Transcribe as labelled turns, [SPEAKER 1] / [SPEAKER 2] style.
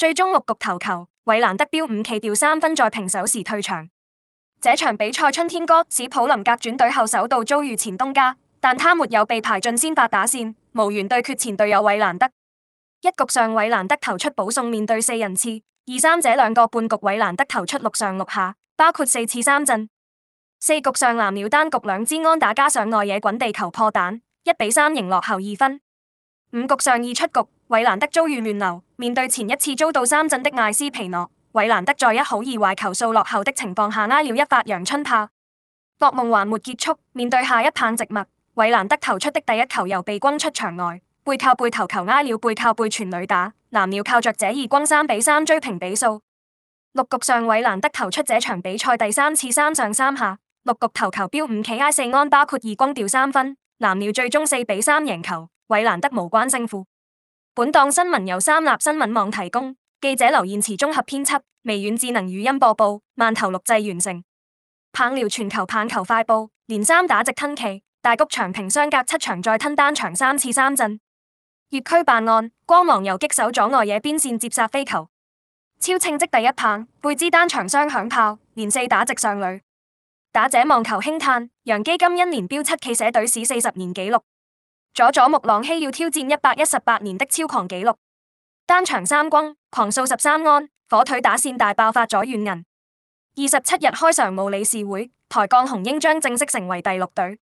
[SPEAKER 1] 最終六局投球，韋蘭德飆五 K 掉三分，在平手時退場。這場比賽春天哥史普林格轉隊後首度遭遇前東家，但他沒有被排進先發打線，無緣對決前隊友韋蘭德。一局上韋蘭德投出保送，面對四人次；二三這兩個半局韋蘭德投出六上六下，包括四次三振。四局上藍鳥單局兩支安打加上外野滾地球破蛋，一比三仍落後二分。五局上二出局，韋蘭德遭遇亂流。面對前一次遭到三振的艾斯皮諾，韋蘭德在一好二壞球數落後的情況下，挨了一發陽春炮。噩夢還沒結束，面對下一棒植物，韋蘭德投出的第一球又被轟出場外。背靠背投球，挨了背靠背全壘打。藍鳥靠着這二轟三比三追平比數。六局上韋蘭德投出這場比賽第三次三上三下。六局投球飆五 K，挨四安，包括二轟掉三分。藍鳥最終四比三贏球，韋蘭德無關勝負。本檔新聞由三立新聞網提供，記者劉燕慈綜合編輯，微軟智能語音播報，萬頭錄製完成。棒遼全球棒球快報，連三打直吞奇，大谷翔平相隔七場再吞單場三次三振。越區辦案，光芒游擊手左外野邊線接殺飛球，超稱職第一棒貝茲單場雙響炮，連四打直上壘。打者望球興嘆，洋基金一年飆七期寫隊史四十年紀錄，佐佐木朗希要挑戰一百一十八年的超狂紀錄，單場三轟狂掃十三安，火腿打線大爆發咗軟銀。二十七日開常務理事會，台鋼雄鷹將正式成為第六隊。